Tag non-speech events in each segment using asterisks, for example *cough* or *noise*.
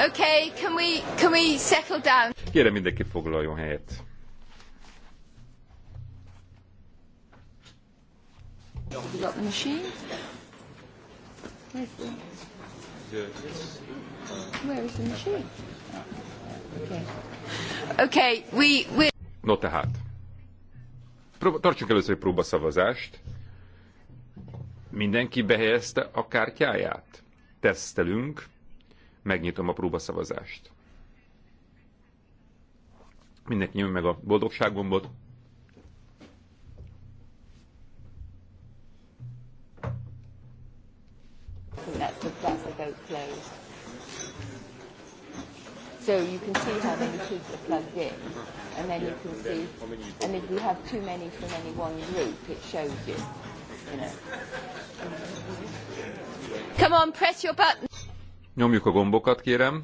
Okay, can we, can we settle down? Kérem mindenki foglaljon helyet. You got the machine? Where's the... Where is the machine? Okay. Okay, we... we... No tehát. Tartsuk először egy próbaszavazást. Mindenki behelyezte a kártyáját? Tesztelünk. Megnyitom a próbaszavazást. Mindenki nyomja meg a boldogsággombot. That's the, that's the closed. So you can see how many kids are plugged in, and then you can see, and if you have too many from any one group, it shows you. you know. Come on, press your button. Nyomjuk a gombokat, kérem.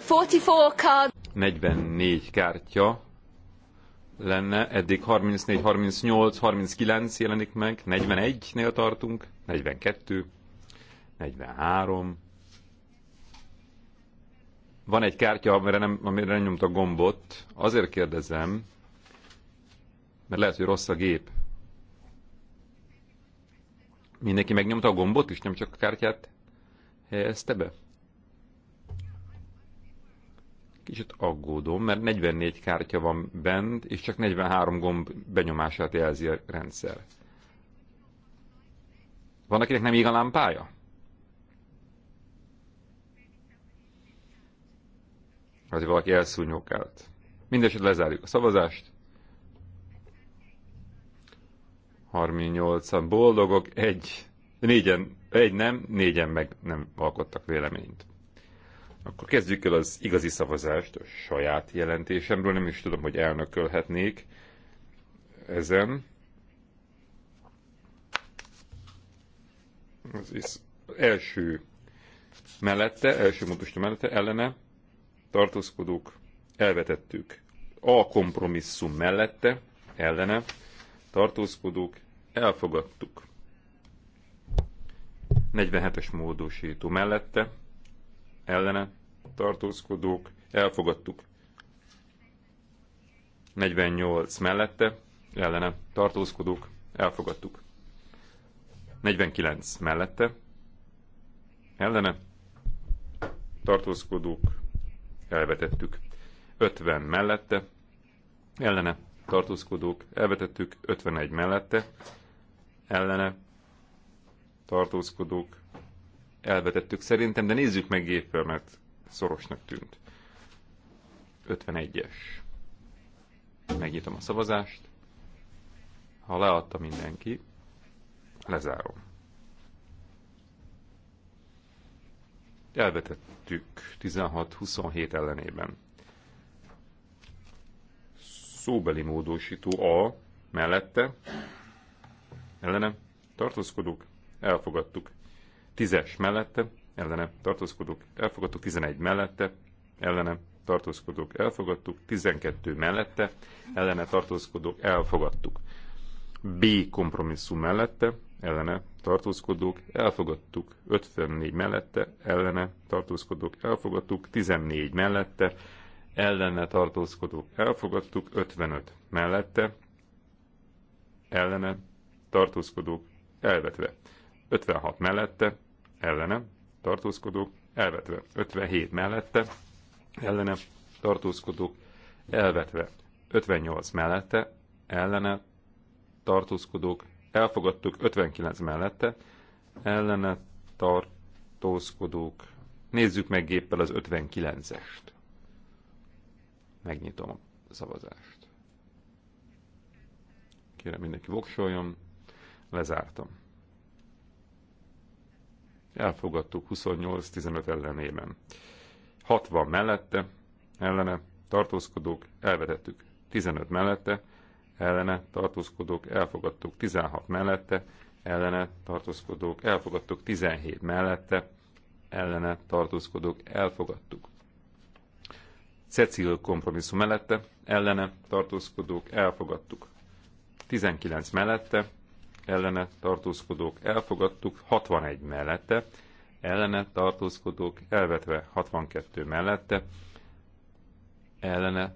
44 card. 44 kártya lenne, eddig 34, 38, 39 jelenik meg, 41-nél tartunk, 42, 43, van egy kártya, amire nem, amire nem nyomta gombot. Azért kérdezem, mert lehet, hogy rossz a gép. Mindenki megnyomta a gombot is, nem csak a kártyát helyezte be? Kicsit aggódom, mert 44 kártya van bent, és csak 43 gomb benyomását jelzi a rendszer. Van, akinek nem ég a lámpája? hogy valaki elszúnyogkált. Mindenesetre lezárjuk a szavazást. 38-an boldogok, egy, négyen, egy nem, négyen meg nem alkottak véleményt. Akkor kezdjük el az igazi szavazást, a saját jelentésemről, nem is tudom, hogy elnökölhetnék ezen. Az, is első mellette, első módosító mellette, ellene tartózkodók, elvetettük. A kompromisszum mellette, ellene, tartózkodók, elfogadtuk. 47-es módosító mellette, ellene, tartózkodók, elfogadtuk. 48 mellette, ellene, tartózkodók, elfogadtuk. 49 mellette, ellene, tartózkodók, elvetettük. 50 mellette, ellene tartózkodók, elvetettük 51 mellette, ellene tartózkodók, elvetettük szerintem, de nézzük meg géppel, mert szorosnak tűnt. 51-es. Megnyitom a szavazást. Ha leadta mindenki, lezárom. elvetettük 16-27 ellenében. Szóbeli módosító A mellette, ellene tartózkodók, elfogadtuk. 10-es mellette, ellene tartózkodók, elfogadtuk. 11 mellette, ellene tartózkodók, elfogadtuk. 12 mellette, ellene tartózkodók, elfogadtuk. B kompromisszum mellette, ellene tartózkodók, elfogadtuk 54 mellette, ellene tartózkodók, elfogadtuk 14 mellette, ellene tartózkodók, elfogadtuk 55 mellette, ellene tartózkodók, elvetve 56 mellette, ellene tartózkodók, elvetve 57 mellette, ellene tartózkodók, elvetve 58 mellette, ellene tartózkodók, elfogadtuk 59 mellette, ellene tartózkodók. Nézzük meg géppel az 59-est. Megnyitom a szavazást. Kérem mindenki voksoljon. Lezártam. Elfogadtuk 28-15 ellenében. 60 mellette, ellene tartózkodók, elvetettük. 15 mellette, ellene tartózkodók elfogadtuk 16 mellette, ellene tartózkodók elfogadtuk 17 mellette, ellene tartózkodók elfogadtuk. Cecil kompromisszum mellette, ellene tartózkodók elfogadtuk. 19 mellette, ellene tartózkodók elfogadtuk, 61 mellette, ellene tartózkodók elvetve 62 mellette, ellene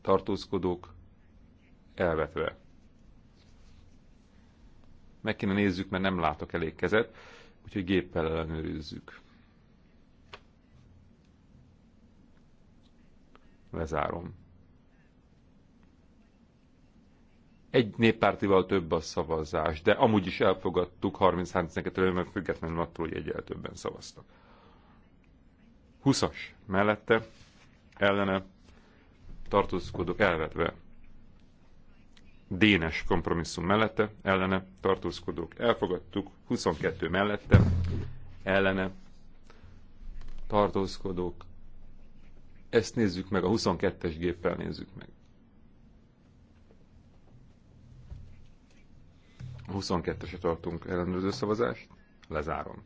tartózkodók elvetve. Meg kéne nézzük, mert nem látok elég kezet, úgyhogy géppel ellenőrizzük. Lezárom. Egy néppártival több a szavazás, de amúgy is elfogadtuk 33 et mert függetlenül attól, hogy egyel többen szavaztak. 20-as mellette, ellene tartózkodok elvetve. Dénes kompromisszum mellette, ellene tartózkodók elfogadtuk, 22 mellette, ellene tartózkodók. Ezt nézzük meg, a 22-es géppel nézzük meg. A 22 eset tartunk ellenőrző szavazást, lezárom.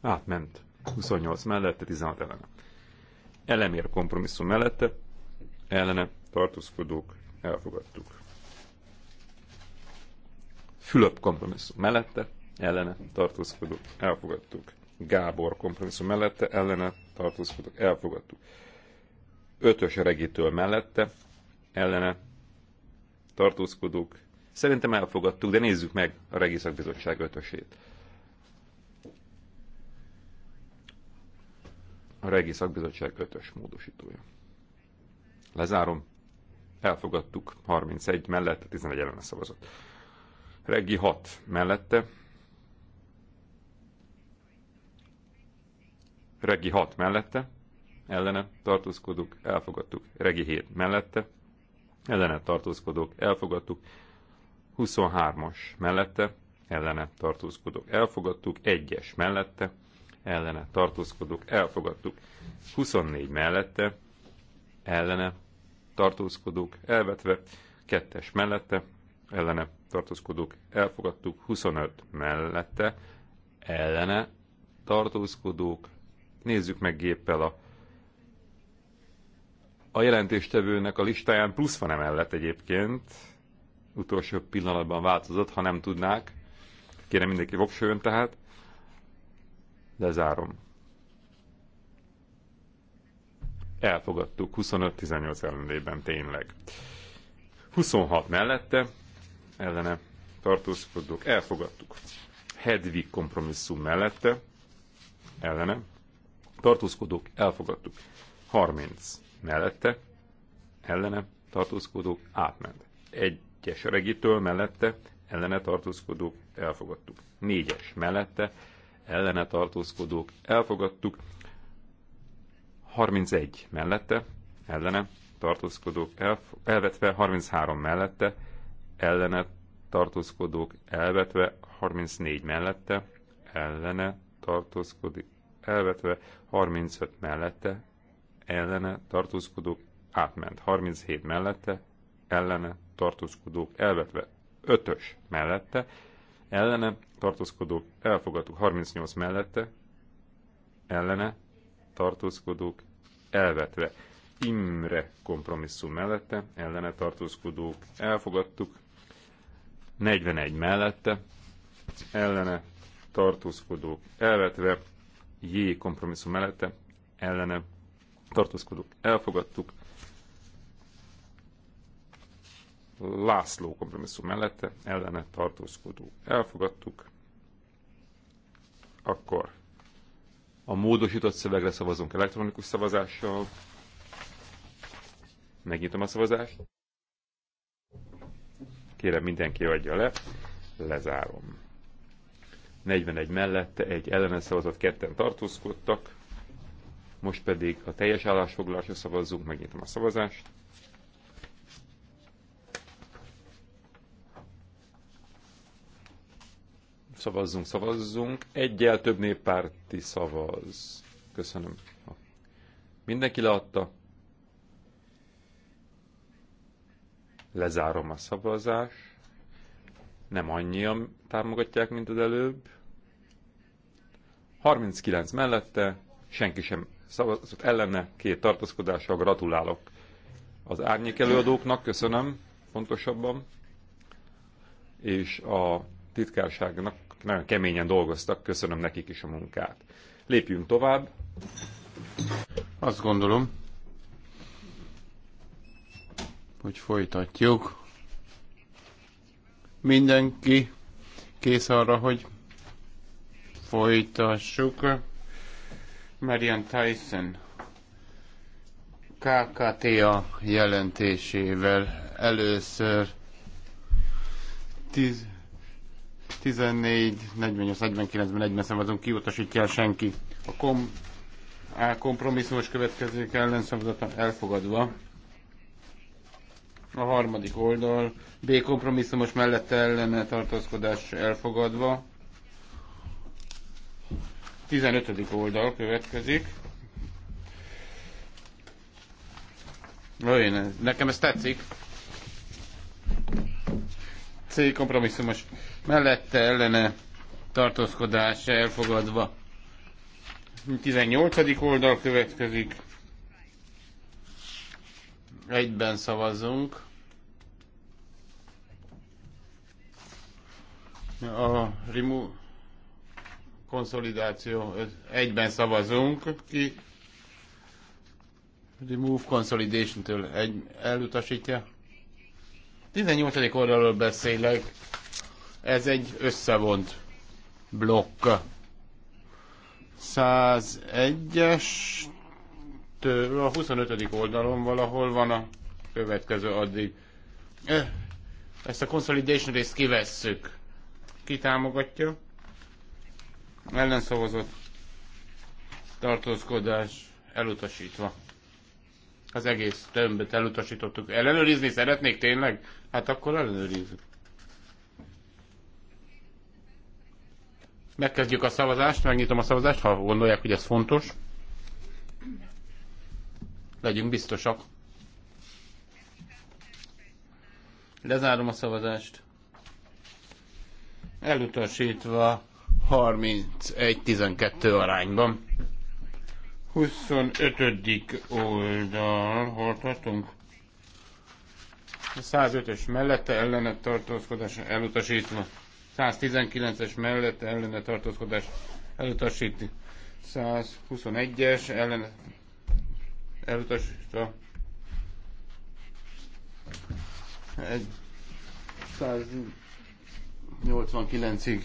Átment. 28 mellette, 16 ellene. Elemér kompromisszum mellette, ellene tartózkodók, elfogadtuk. Fülöp kompromisszum mellette, ellene tartózkodók, elfogadtuk. Gábor kompromisszum mellette, ellene tartózkodók, elfogadtuk. Ötös regitől mellette, ellene tartózkodók, szerintem elfogadtuk, de nézzük meg a regiszakbizottság ötösét. A regiszakbizottság ötös módosítója. Lezárom elfogadtuk 31 mellette, 11 ellen szavazott. Reggi 6 mellette, Regi 6 mellette, ellene tartózkodók, elfogadtuk. Regi 7 mellette, ellene tartózkodók, elfogadtuk. 23-as mellette, ellene tartózkodók, elfogadtuk. 1-es mellette, ellene tartózkodók, elfogadtuk. 24 mellette, ellene tartózkodók elvetve, kettes mellette, ellene tartózkodók elfogadtuk, 25 mellette, ellene tartózkodók. Nézzük meg géppel a, a jelentéstevőnek a listáján plusz van emellett egyébként. Utolsó pillanatban változott, ha nem tudnák. Kérem mindenki voksoljon tehát. Lezárom. Elfogadtuk 25-18 ellenében tényleg. 26 mellette ellene tartózkodók elfogadtuk. Hedvig kompromisszum mellette ellene tartózkodók elfogadtuk. 30 mellette ellene tartózkodók átment. Egyes regitől mellette ellene tartózkodók elfogadtuk. Négyes mellette ellene tartózkodók elfogadtuk. 31 mellette, ellene, tartózkodók elvetve, 33 mellette, ellene, tartózkodók elvetve, 34 mellette, ellene, tartózkodik elvetve, 35 mellette, ellene, tartózkodók átment, 37 mellette, ellene, tartózkodók elvetve, 5-ös mellette, ellene, tartózkodók elfogadtuk, 38 mellette, ellene, tartózkodók elvetve. Imre kompromisszum mellette, ellene tartózkodók elfogadtuk. 41 mellette, ellene tartózkodók elvetve. J kompromisszum mellette, ellene tartózkodók elfogadtuk. László kompromisszum mellette, ellene tartózkodók elfogadtuk. Akkor a módosított szövegre szavazunk elektronikus szavazással. Megnyitom a szavazást. Kérem mindenki adja le. Lezárom. 41 mellette egy ellenes szavazat ketten tartózkodtak. Most pedig a teljes állásfoglalásra szavazzunk, megnyitom a szavazást. Szavazzunk, szavazzunk. Egyel több néppárti szavaz. Köszönöm. Mindenki leadta. Lezárom a szavazást. Nem annyian támogatják, mint az előbb. 39 mellette, senki sem szavazott ellene, két tartózkodással gratulálok az árnyék előadóknak, köszönöm pontosabban, és a titkárságnak nagyon keményen dolgoztak, köszönöm nekik is a munkát. Lépjünk tovább. Azt gondolom, hogy folytatjuk. Mindenki kész arra, hogy folytassuk. Marian Tyson KKTA jelentésével először 10 14, 48, 49-ben egyben szavazunk, kiutasítja el senki. A kom, a kompromisszumos következők ellenszavazata elfogadva. A harmadik oldal. B kompromisszumos mellette ellene tartózkodás elfogadva. 15. oldal következik. Én, nekem ez tetszik. C kompromisszumos mellette ellene tartózkodása elfogadva. 18. oldal következik. Egyben szavazzunk. A Rimu konszolidáció, egyben szavazunk ki. Remove Consolidation-től egy, elutasítja. 18. oldalról beszélek. Ez egy összevont blokk. 101-es a 25. oldalon valahol van a következő addig. Ezt a consolidation részt kivesszük. Ki támogatja? Ellenszavazott tartózkodás elutasítva. Az egész tömböt elutasítottuk. Ellenőrizni szeretnék tényleg? Hát akkor ellenőrizzük. Megkezdjük a szavazást, megnyitom a szavazást, ha gondolják, hogy ez fontos. Legyünk biztosak. Lezárom a szavazást. Elutasítva 31-12 arányban. 25. oldal, hol tartunk? 105-ös mellette ellenet tartózkodása elutasítva. 119-es mellett ellene tartózkodás elutasít. 121-es ellen elutasítva. Egy 189-ig.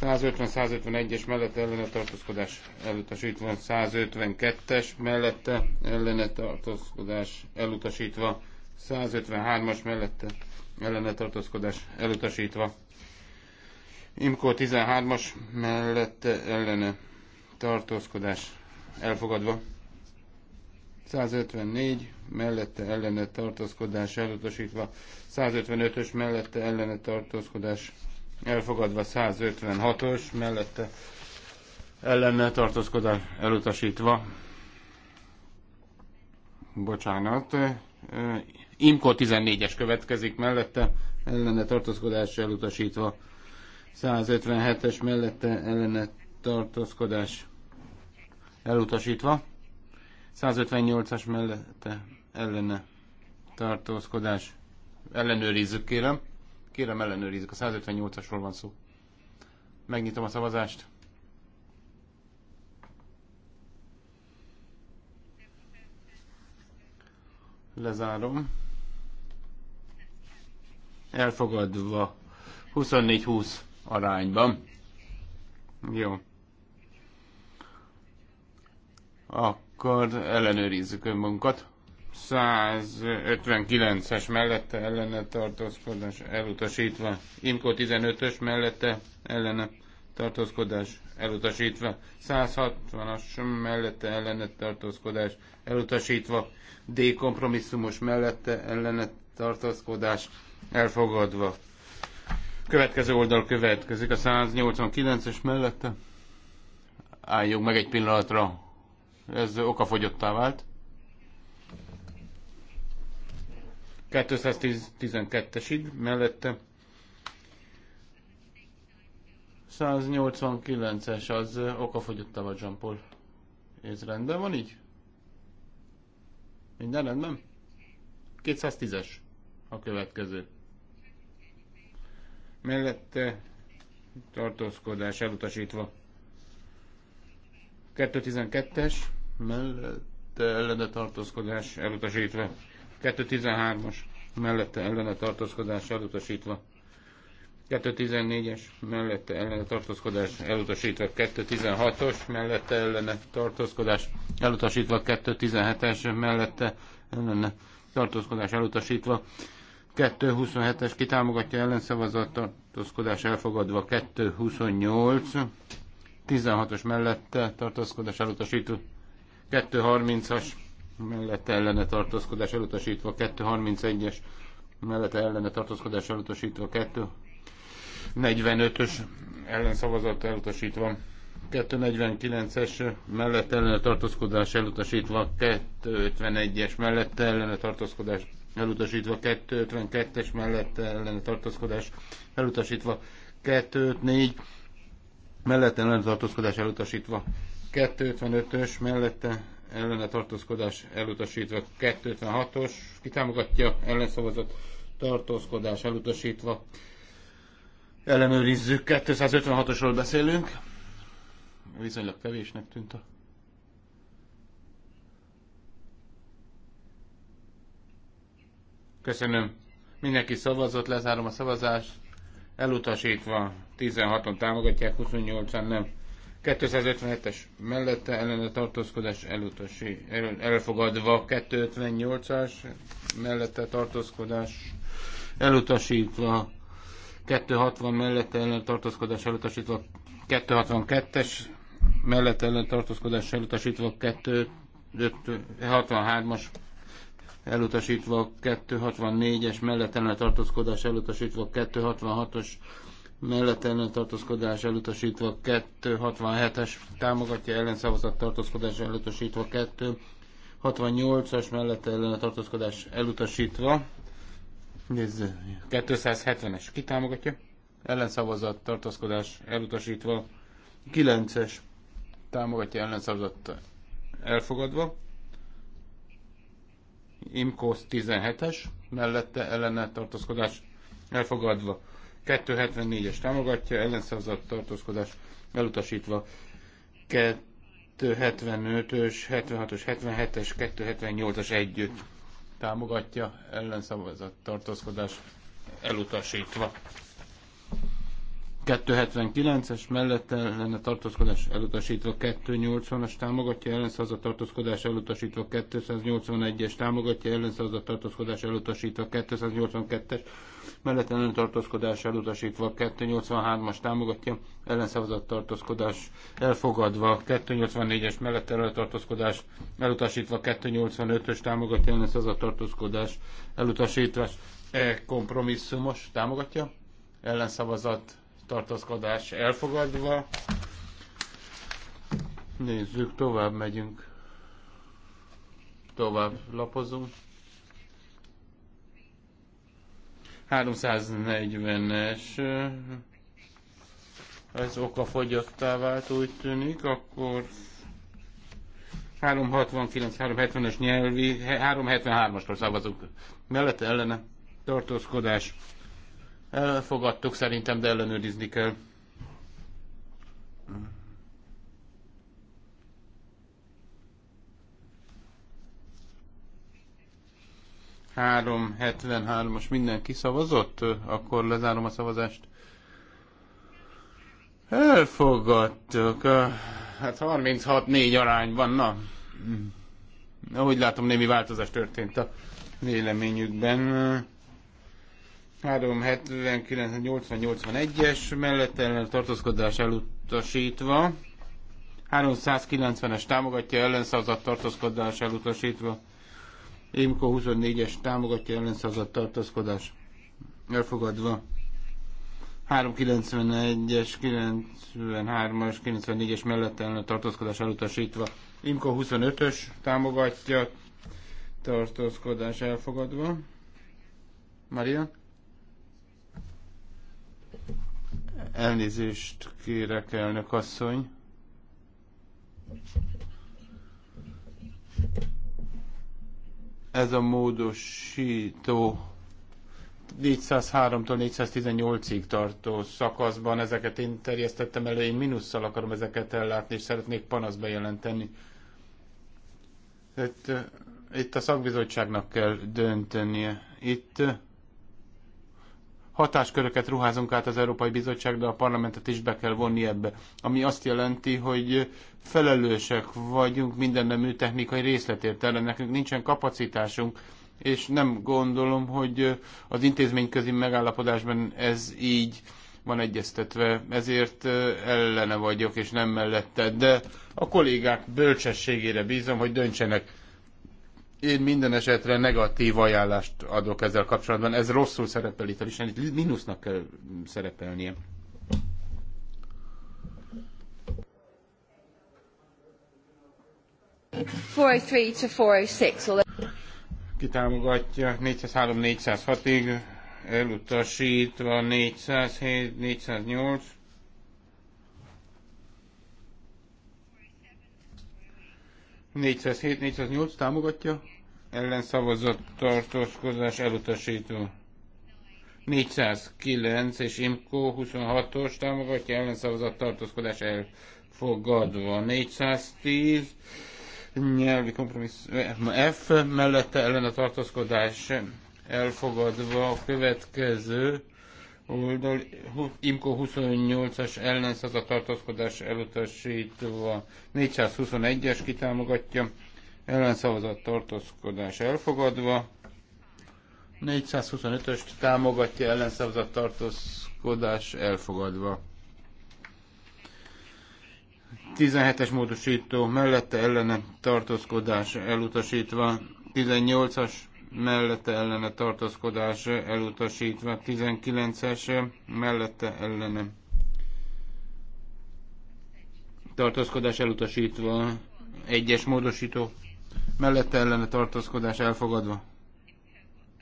150-151-es mellett ellene tartózkodás elutasítva, 152-es mellette ellene tartózkodás elutasítva, 153-as mellette ellene tartózkodás elutasítva. Imko 13-as mellette ellene tartózkodás elfogadva. 154 mellette ellene tartózkodás elutasítva, 155-ös mellette ellene tartózkodás elfogadva, 156-os mellette ellene tartózkodás elutasítva. Bocsánat. Imko 14-es következik mellette, ellene tartózkodás elutasítva. 157-es mellette ellene tartózkodás elutasítva. 158-as mellette ellene tartózkodás. Ellenőrizzük, kérem. Kérem, ellenőrizzük. A 158-asról van szó. Megnyitom a szavazást. Lezárom. Elfogadva. 24-20 arányban. Jó. Akkor ellenőrizzük önmunkat. 159-es mellette ellene tartózkodás elutasítva. Imko 15-ös mellette ellene tartózkodás elutasítva. 160-as mellette ellene tartózkodás elutasítva. D kompromisszumos mellette ellene tartózkodás elfogadva. Következő oldal következik, a 189-es mellette. Álljunk meg egy pillanatra, ez okafogyottá vált. 212-esig mellette. 189-es az okafogyottá vált Jean Paul. Ez rendben van így? Minden rendben? 210-es a következő mellette tartózkodás elutasítva. 212-es mellette ellene tartózkodás elutasítva. 213-as mellette ellene tartózkodás elutasítva. 214-es mellette ellene tartózkodás elutasítva. 216-os mellette ellene tartózkodás elutasítva. 217-es mellette ellene tartózkodás elutasítva. 227-es kitámogatja ellenszavazattal, tartózkodás elfogadva 228, 16-os mellette tartózkodás elutasító, 230-as mellette ellene tartózkodás elutasítva, 231-es mellette ellene tartózkodás elutasítva, 245-ös ellenszavazat elutasítva, 249-es mellett ellene tartózkodás elutasítva, 251-es mellett ellene tartózkodás elutasítva 252-es mellett ellene tartózkodás, elutasítva 254 mellette ellene tartózkodás, elutasítva 255-ös mellette ellene tartózkodás, elutasítva 256-os, kitámogatja ellenszavazat, tartózkodás, elutasítva ellenőrizzük, 256-osról beszélünk, viszonylag kevésnek tűnt a Köszönöm. Mindenki szavazott, lezárom a szavazást. Elutasítva 16-on támogatják, 28-an nem. 257-es mellette ellen a tartózkodás elutasi, el, elfogadva, 258-as mellette tartózkodás elutasítva, 260 mellette ellen tartózkodás elutasítva, 262-es mellette ellen tartózkodás elutasítva, 263-as elutasítva 264-es mellettelen tartózkodás, elutasítva 266-os mellettelen tartózkodás, elutasítva 267-es támogatja ellenszavazat tartózkodás, elutasítva 268-as mellettelen tartózkodás, elutasítva. Nézzük, 270-es kitámogatja, ellenszavazat tartózkodás, elutasítva 9-es támogatja ellenszavazat elfogadva. Imkos 17-es, mellette ellene tartózkodás elfogadva. 274-es támogatja, ellenszavazat tartózkodás elutasítva. 275-ös, 76-os, 77-es, 278-as együtt támogatja, ellenszavazat tartózkodás elutasítva. 279-es mellette lenne tartózkodás elutasítva 280-as támogatja ellenszavazat tartózkodás elutasítva 281-es támogatja ellenszavazat tartózkodás elutasítva 282-es mellette lenne tartózkodás elutasítva 283-as támogatja ellenszavazat tartózkodás elfogadva 284-es mellette lenne tartózkodás elutasítva 285-ös támogatja ellenszavazat tartózkodás elutasítva e kompromisszumos támogatja ellenszavazat tartózkodás elfogadva. Nézzük, tovább megyünk. Tovább lapozunk. 340-es ez oka fogyottá vált, úgy tűnik, akkor 369, 370-es nyelvi, 373-asra szavazunk. Mellette ellene tartózkodás Elfogadtuk szerintem, de ellenőrizni kell. Három, 73-as mindenki szavazott? Akkor lezárom a szavazást. Elfogadtuk. Hát 36-4 arányban, na. Ahogy látom, némi változás történt a véleményükben. 379 80 es mellett ellen tartózkodás elutasítva. 390-es támogatja ellenszázat tartózkodás elutasítva. Émko 24-es támogatja ellenszázat tartózkodás elfogadva. 391-es, 93-as, 94-es mellett ellen tartózkodás elutasítva. Imko 25-ös támogatja tartózkodás elfogadva. Maria? Elnézést kérek, elnök asszony. Ez a módosító 403-tól 418-ig tartó szakaszban ezeket én terjesztettem elő, én mínusszal akarom ezeket ellátni, és szeretnék panaszba jelenteni. Itt, itt a szakbizottságnak kell döntenie. Itt hatásköröket ruházunk át az Európai Bizottság, de a parlamentet is be kell vonni ebbe. Ami azt jelenti, hogy felelősek vagyunk minden nemű technikai részletért ellen. Nekünk nincsen kapacitásunk, és nem gondolom, hogy az intézményközi megállapodásban ez így van egyeztetve, ezért ellene vagyok, és nem mellette, de a kollégák bölcsességére bízom, hogy döntsenek. Én minden esetre negatív ajánlást adok ezzel kapcsolatban. Ez rosszul szerepel itt és itt mínusznak kell szerepelnie. Kitámogatja 403-406-ig, elutasítva 407-408 407-408 támogatja, szavazott tartózkodás elutasító. 409 és Imco 26-os támogatja, szavazott eh, tartózkodás elfogadva. 410 nyelvi kompromisszum F mellette ellen a tartózkodás elfogadva. A következő oldal, IMKO 28-as ellenszavazat tartózkodás elutasítva 421-es kitámogatja, ellenszavazat tartózkodás elfogadva, 425-öst támogatja ellenszavazat tartózkodás elfogadva. 17-es módosító mellette ellene tartózkodás elutasítva, 18-as mellette ellene tartózkodás elutasítva, 19-es mellette ellene tartózkodás elutasítva, egyes módosító mellette ellene tartózkodás elfogadva.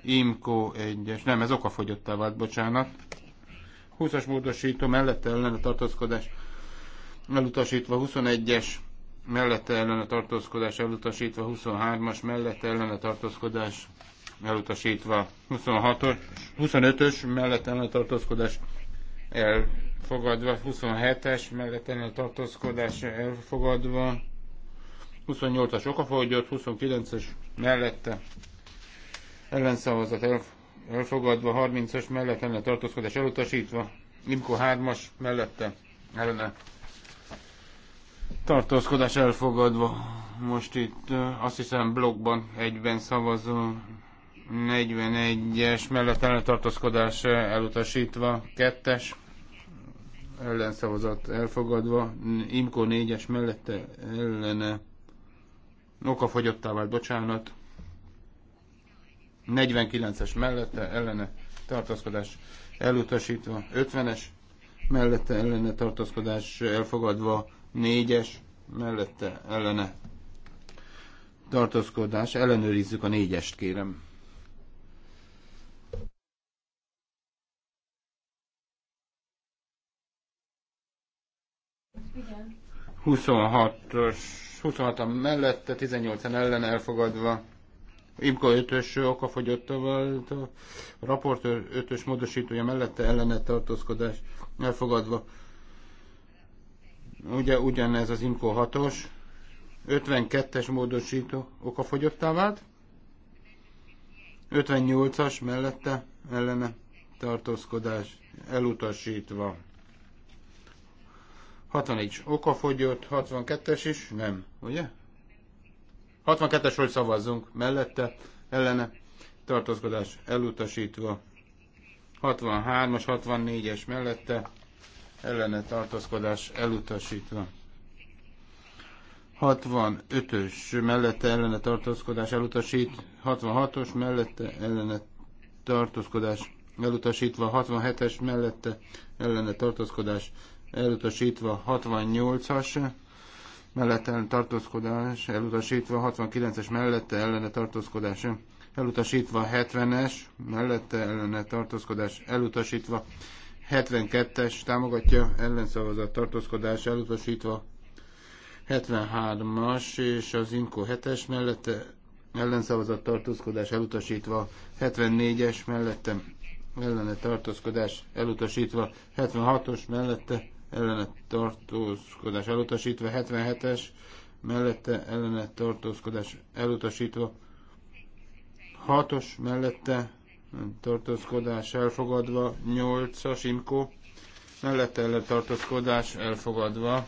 Imko egyes, nem, ez okafogyottá vált, bocsánat. 20-as módosító mellette ellene tartózkodás elutasítva, 21-es mellette ellene tartózkodás elutasítva, 23-as mellette ellene tartózkodás elutasítva, 26-os, 25-ös mellette ellene tartózkodás elfogadva, 27-es mellette ellene tartózkodás elfogadva, 28-as okafogyott, 29-es mellette ellenszavazat elf- elfogadva, 30-as mellette ellene tartózkodás elutasítva, Imko 3-as mellette ellene Tartózkodás elfogadva. Most itt azt hiszem blogban egyben szavazom. 41-es mellett tartózkodás elutasítva, 2-es ellenszavazat elfogadva, Imko 4-es mellette ellene fogyottá vált, bocsánat, 49-es mellette ellene tartózkodás elutasítva, 50-es mellette ellene tartózkodás elfogadva, Négyes mellette ellene tartózkodás. Ellenőrizzük a négyest, kérem. Igen. 26-os, 26 mellette, 18 en ellen elfogadva. Imka 5-ös okafogyotta volt, a raportőr 5-ös módosítója mellette ellene tartózkodás elfogadva ugye ugyanez az IMCO 6-os, 52-es módosító okafogyottá vált, 58-as mellette ellene tartózkodás elutasítva. 61 okafogyott, 62-es is, nem, ugye? 62 hogy szavazzunk, mellette, ellene, tartózkodás elutasítva. 63-as, 64-es mellette, ellene tartózkodás elutasítva. 65-ös mellette ellene tartózkodás elutasít, 66-os mellette ellene tartózkodás elutasítva, 67-es mellette ellene tartózkodás elutasítva, 68-as mellette ellene tartózkodás elutasítva, 69-es mellette ellene tartózkodás elutasítva, 70-es mellette ellene tartózkodás elutasítva, 72-es támogatja ellenszavazat tartózkodás elutasítva. 73-as és az Inko 7-es mellette ellenszavazat tartózkodás elutasítva. 74-es mellette ellene tartózkodás elutasítva. 76-os mellette ellene tartózkodás elutasítva. 77-es mellette ellene tartózkodás elutasítva. 6-os mellette tartózkodás elfogadva, 8-as Imko, mellette ellen tartózkodás elfogadva,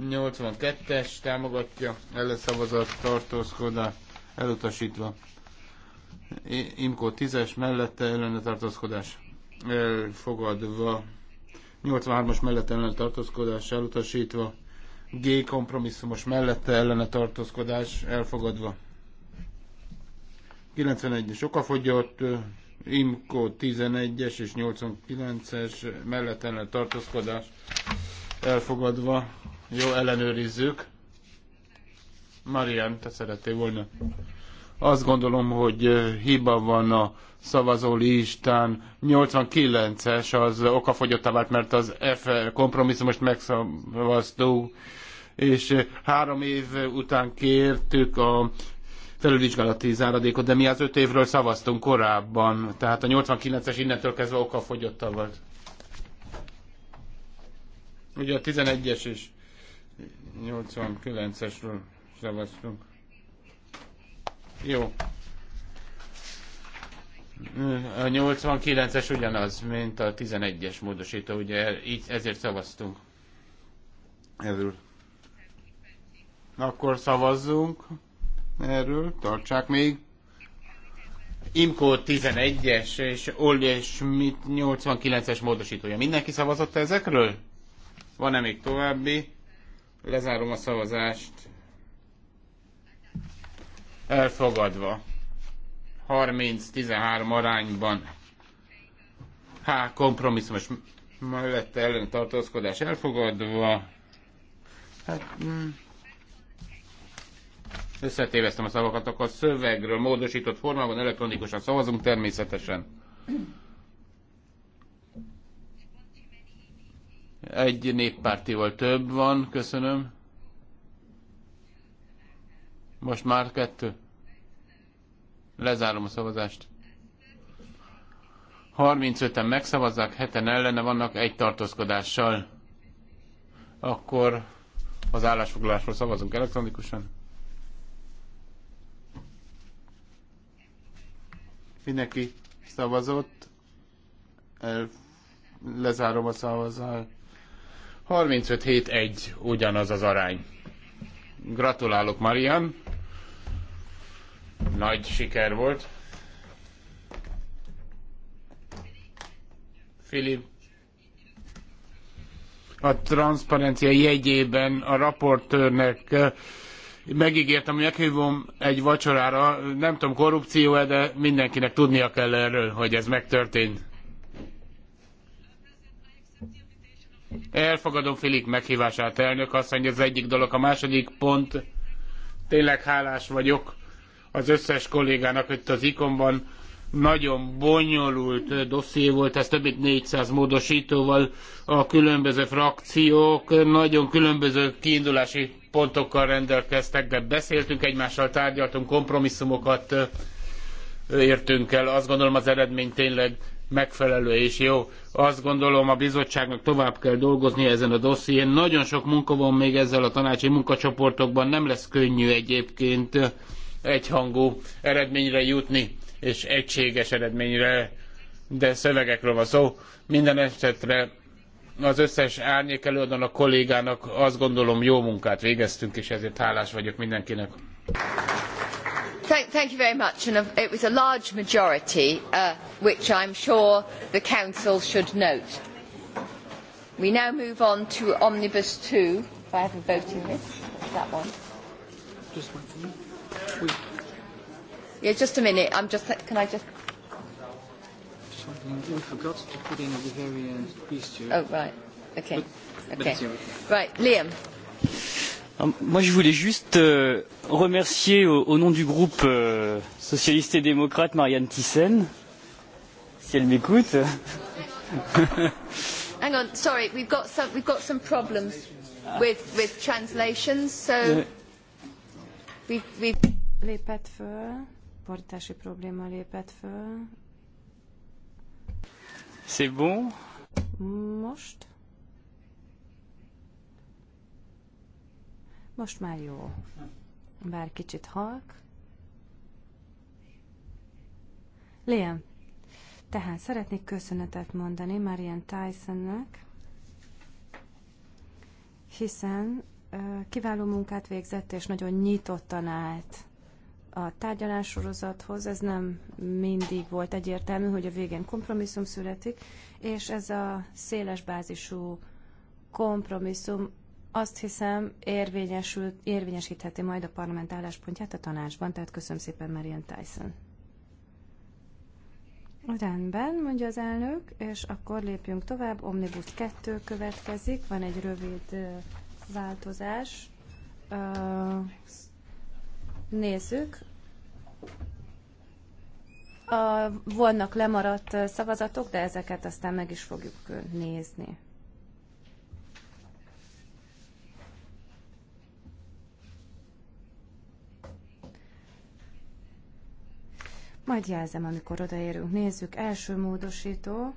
82-es támogatja, ellenszavazat tartózkodás elutasítva. Imko 10-es mellette ellene tartózkodás elfogadva, 83-as mellette ellene tartózkodás elutasítva, G kompromisszumos mellette ellene tartózkodás elfogadva. 91-es okafogyott, IMCO 11-es és 89-es mellett ellen tartózkodás elfogadva. Jó, ellenőrizzük. Marian, te szerettél volna. Azt gondolom, hogy hiba van a szavazó listán. 89-es az okafogyottá vált, mert az F kompromisszumot megszavaztuk és három év után kértük a felülvizsgálati záradékot, de mi az öt évről szavaztunk korábban, tehát a 89-es innentől kezdve okafogyottá volt. Ugye a 11-es és 89-esről szavaztunk. Jó. A 89-es ugyanaz, mint a 11-es módosító, ugye így, ezért szavaztunk. Ezről. Akkor szavazzunk erről, tartsák még. Imko 11-es és Olje Schmidt 89-es módosítója. Mindenki szavazott ezekről? Van-e még további? Lezárom a szavazást. Elfogadva. 30-13 arányban. H. Kompromisszumos mellette ellen tartózkodás elfogadva. Hát, mm összetéveztem a szavakat, akkor a szövegről módosított formában elektronikusan szavazunk természetesen. Egy néppártival több van, köszönöm. Most már kettő. Lezárom a szavazást. 35-en megszavazzák, heten ellene vannak egy tartózkodással. Akkor az állásfoglalásról szavazunk elektronikusan. Mindenki szavazott. El, lezárom a szavazást. 35-7-1 ugyanaz az arány. Gratulálok, Marian. Nagy siker volt. Filip. A transzparencia jegyében a raportőrnek megígértem, hogy meghívom egy vacsorára, nem tudom, korrupció-e, de mindenkinek tudnia kell erről, hogy ez megtörtént. Elfogadom Filik meghívását, elnök asszony, ez egyik dolog. A második pont, tényleg hálás vagyok az összes kollégának itt az ikonban. Nagyon bonyolult dosszié volt, ez több mint 400 módosítóval. A különböző frakciók nagyon különböző kiindulási pontokkal rendelkeztek, de beszéltünk egymással, tárgyaltunk, kompromisszumokat értünk el. Azt gondolom az eredmény tényleg megfelelő és jó. Azt gondolom a bizottságnak tovább kell dolgozni ezen a dosszién. Nagyon sok munka van még ezzel a tanácsi munkacsoportokban, nem lesz könnyű egyébként egyhangú eredményre jutni, és egységes eredményre, de szövegekről van szó. Minden esetre az összes árnyék a kollégának azt gondolom jó munkát végeztünk, és ezért hálás vagyok mindenkinek. Thank, thank you very much. And it was a large majority, uh, which I'm sure the Council should note. We now move on to Omnibus 2. If I have a voting list? that one. Just one for me. Yeah, just a minute. I'm just. Can I just? something we forgot to put in at the very end, please, Oh, right. Okay. But, okay. But right, Liam. Ah, moi, je voulais juste euh, remercier au, au nom du groupe euh, socialiste et démocrate Marianne Thyssen, si elle m'écoute. *laughs* Hang on, sorry, we've got some, we've got some problems with, with translations, so we've, we've... Lépett föl, portási probléma lépett föl, C'est bon? Most? Most már jó. Bár kicsit halk. Liam, tehát szeretnék köszönetet mondani Marian Tysonnak, hiszen kiváló munkát végzett, és nagyon nyitottan állt a tárgyalássorozathoz. Ez nem mindig volt egyértelmű, hogy a végén kompromisszum születik, és ez a széles bázisú kompromisszum azt hiszem érvényesült, érvényesítheti majd a parlament álláspontját a tanácsban, tehát köszönöm szépen Marian Tyson. Rendben, mondja az elnök, és akkor lépjünk tovább. Omnibus 2 következik, van egy rövid változás. Uh, nézzük, a, vannak lemaradt szavazatok, de ezeket aztán meg is fogjuk nézni. Majd jelzem, amikor odaérünk. Nézzük, első módosító.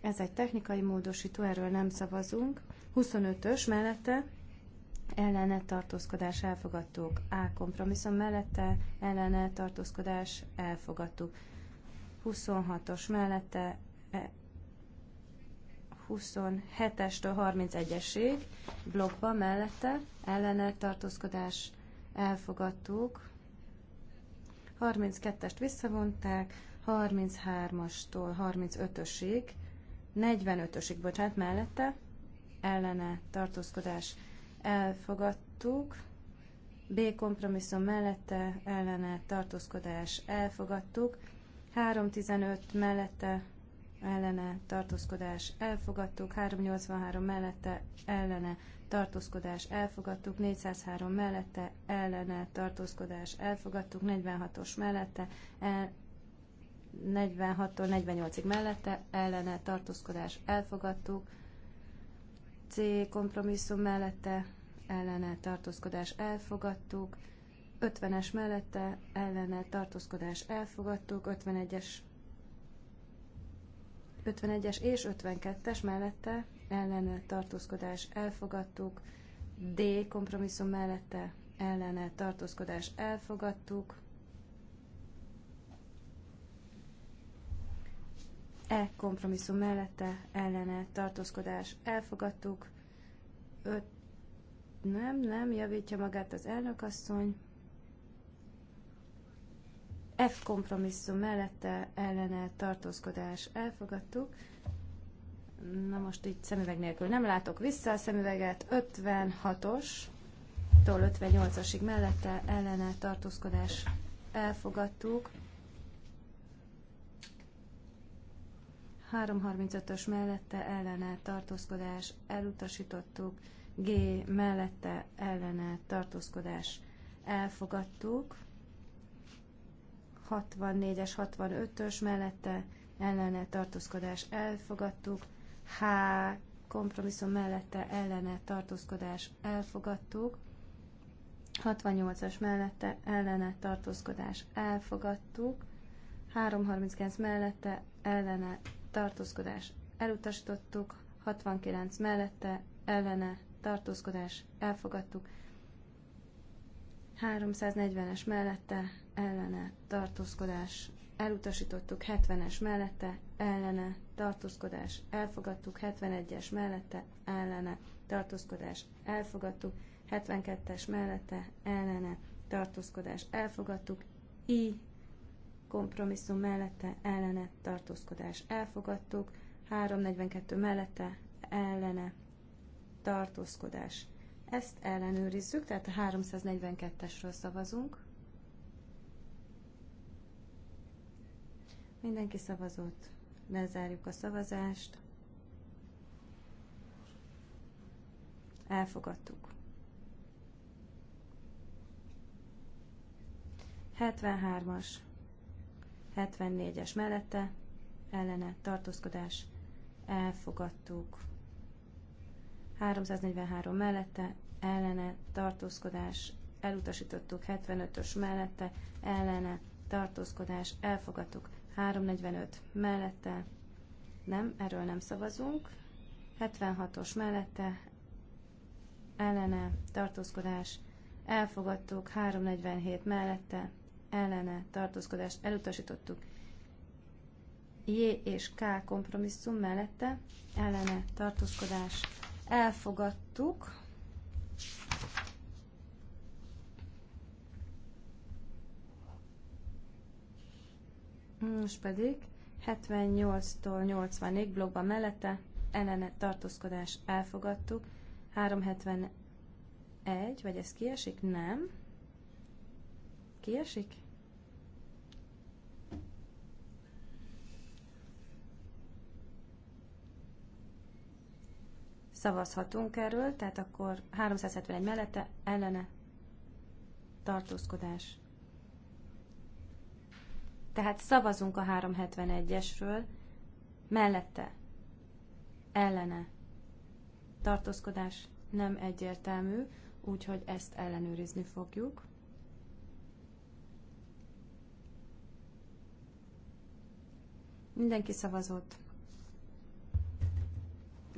Ez egy technikai módosító, erről nem szavazunk. 25-ös mellette ellene tartózkodás elfogadtuk. A kompromisszum mellette ellene tartózkodás elfogadtuk. 26-os mellette 27-estől e, 31-esig blokkban mellette ellene tartózkodás elfogadtuk. 32-est visszavonták, 33-astól 35-ösig, 45-ösig, bocsánat, mellette ellene tartózkodás elfogadtuk elfogadtuk. B kompromisszum mellette ellene tartózkodás elfogadtuk. 3.15 mellette ellene tartózkodás elfogadtuk, 383 mellette ellene tartózkodás elfogadtuk, 403 mellette ellene tartózkodás elfogadtuk, 46-os mellette el, 46-tól 48-ig mellette ellene tartózkodás elfogadtuk, C kompromisszum mellette ellene tartózkodás elfogadtuk, 50-es mellette ellene tartózkodás elfogadtuk, 51-es 51-es és 52-es mellette ellene tartózkodás elfogadtuk, D kompromisszum mellette ellene tartózkodás elfogadtuk, E kompromisszum mellette ellene tartózkodás elfogadtuk, 5 nem, nem, javítja magát az elnökasszony. F kompromisszum mellette ellene tartózkodás elfogadtuk. Na most így szemüveg nélkül nem látok vissza a szemüveget. 56-os tól 58-asig mellette ellene tartózkodás elfogadtuk. 335-ös mellette ellene tartózkodás elutasítottuk. G mellette ellene tartózkodás elfogadtuk. 64-es, 65-ös mellette ellene tartózkodás elfogadtuk. H kompromisszum mellette ellene tartózkodás elfogadtuk. 68-as mellette ellene tartózkodás elfogadtuk. 339 mellette ellene tartózkodás elutasítottuk. 69 mellette ellene tartózkodás, elfogadtuk. 340-es mellette, ellene, tartózkodás, elutasítottuk 70-es mellette, ellene, tartózkodás, elfogadtuk 71-es mellette, ellene, tartózkodás, elfogadtuk 72-es mellette, ellene, tartózkodás, elfogadtuk I kompromisszum mellette, ellene, tartózkodás, elfogadtuk 342 mellette, ellene, tartózkodás. Ezt ellenőrizzük, tehát a 342-esről szavazunk. Mindenki szavazott. Lezárjuk a szavazást. Elfogadtuk. 73-as, 74-es mellette, ellene tartózkodás. Elfogadtuk. 343 mellette, ellene, tartózkodás, elutasítottuk 75-ös mellette, ellene, tartózkodás, elfogadtuk 345 mellette, nem, erről nem szavazunk, 76-os mellette, ellene, tartózkodás, elfogadtuk 347 mellette, ellene, tartózkodás, elutasítottuk J és K kompromisszum mellette, ellene, tartózkodás, elfogadtuk. Most pedig 78-tól 84 blogban mellette ellene tartózkodás elfogadtuk. 371, vagy ez kiesik? Nem. Kiesik? Szavazhatunk erről, tehát akkor 371 mellette ellene tartózkodás. Tehát szavazunk a 371-esről, mellette ellene tartózkodás nem egyértelmű, úgyhogy ezt ellenőrizni fogjuk. Mindenki szavazott.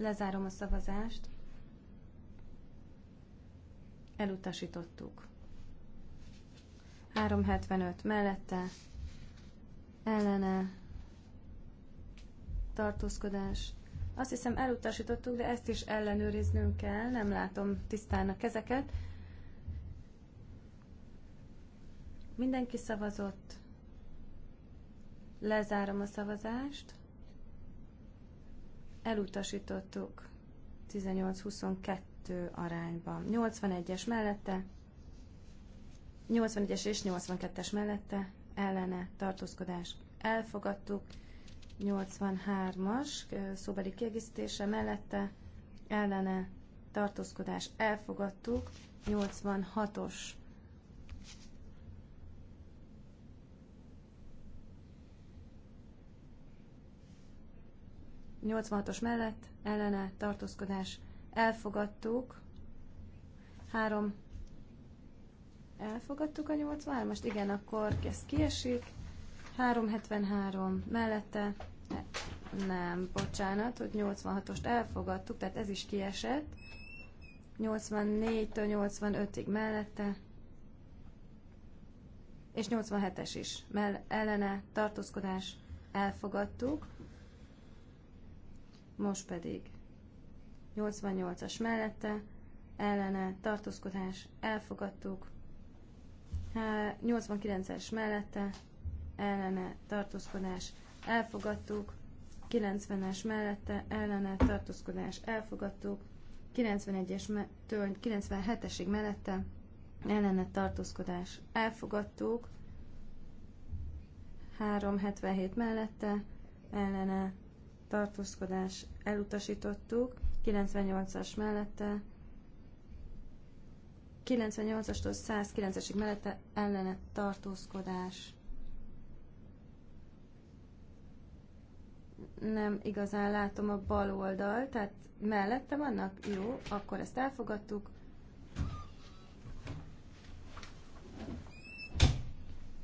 Lezárom a szavazást. Elutasítottuk. 375 mellette, ellene, tartózkodás. Azt hiszem elutasítottuk, de ezt is ellenőriznünk kell, nem látom tisztán a kezeket. Mindenki szavazott. Lezárom a szavazást elutasítottuk 18-22 arányban. 81-es mellette, 81-es és 82-es mellette ellene tartózkodás elfogadtuk, 83-as szóbeli kiegészítése mellette ellene tartózkodás elfogadtuk, 86-os 86-os mellett ellene tartózkodás elfogadtuk. Három, elfogadtuk a 83-ast, igen, akkor ez kiesik. 373 mellette e, nem, bocsánat, hogy 86-ost elfogadtuk, tehát ez is kiesett. 84-től 85-ig mellette, és 87-es is. Mell- ellene tartózkodás elfogadtuk. Most pedig 88-as mellette, ellene, tartózkodás, elfogadtuk. 89-es mellette, ellene, tartózkodás, elfogadtuk. 90-es mellette, ellene, tartózkodás, elfogadtuk. 91 es től 97-esig mellette, ellene, tartózkodás, elfogadtuk. 377 mellette, ellene, tartózkodás elutasítottuk, 98-as mellette, 98-astól 109-esig mellette ellene tartózkodás. Nem igazán látom a bal oldal, tehát mellette vannak? Jó, akkor ezt elfogadtuk.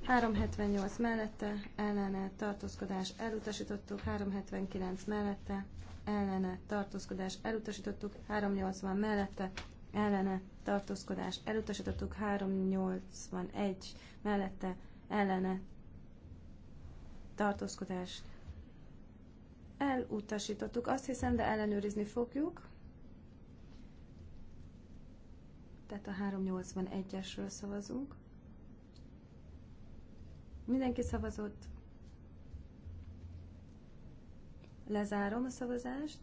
378 mellette, ellene tartózkodás elutasítottuk, 379 mellette, ellene tartózkodás elutasítottuk, 380 mellette, ellene tartózkodás elutasítottuk, 381 mellette, ellene tartózkodás elutasítottuk. Azt hiszem, de ellenőrizni fogjuk. Tehát a 381-esről szavazunk. Mindenki szavazott. Lezárom a szavazást.